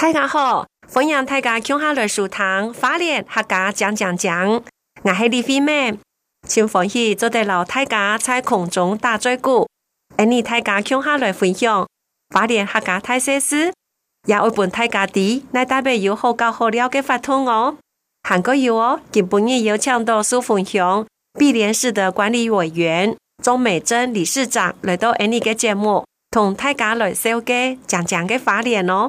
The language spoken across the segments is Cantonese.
大家好，歡迎大家聽下來收聽花蓮客家講講講。我是李飛梅，請歡喜做對老大家在空中打最鼓。安尼大家聽下來分享，花蓮客家太設施，也會本大家的來代表有好高好料嘅法通哦。韓國友哦，今本日有請到蘇鳳雄、碧蓮市的管理委員、鍾美珍理事長來到安尼嘅節目，同大家來收嘅講講嘅花蓮哦。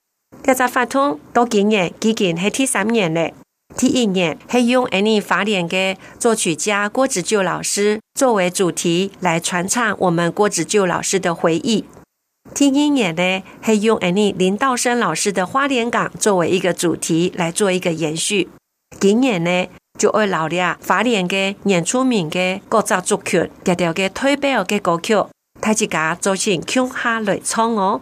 這只法通都今年今年係第三年嘞。第一年係用安尼花蓮嘅作曲家郭子究老師作為主題來傳唱我們郭子究老師的回憶。第二年呢，係用安尼林道生老師的《花蓮港》作為一個主題來做一個延續。今年呢，就會留了花蓮嘅年初名嘅各則作曲，調調嘅推背嘅歌曲，大家走進腔哈瑞唱哦。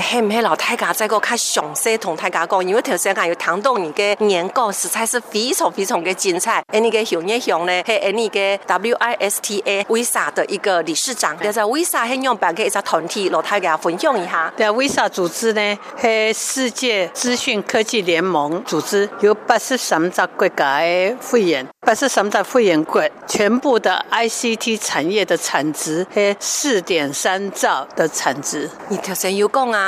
係唔係老太家？這個佢詳細同大家講，因為頭先有談到你嘅年過實在是非常非常嘅精彩。誒，你嘅熊一雄咧，係誒你嘅 WISTA Visa 的一個理事長，就係 Visa 香港辦嘅一個團體，老太家分享一下。對啊，Visa 組織咧係世界資訊科技聯盟組織由，有八十三隻國家嘅會員，八十三隻會員國全部的 ICT 產業嘅產值係四點三兆嘅產值。你頭先有講啊！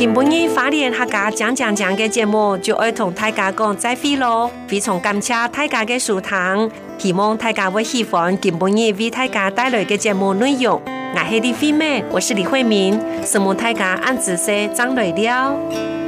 今半日花蓮客家講講講嘅節目，就愛同大家講再會咯，非常感謝大家嘅收聽，希望大家會喜歡今半日為大家帶來嘅節目內容。𠊎 係李飛妹，我是李慧敏，希望大家按紫色讚來了。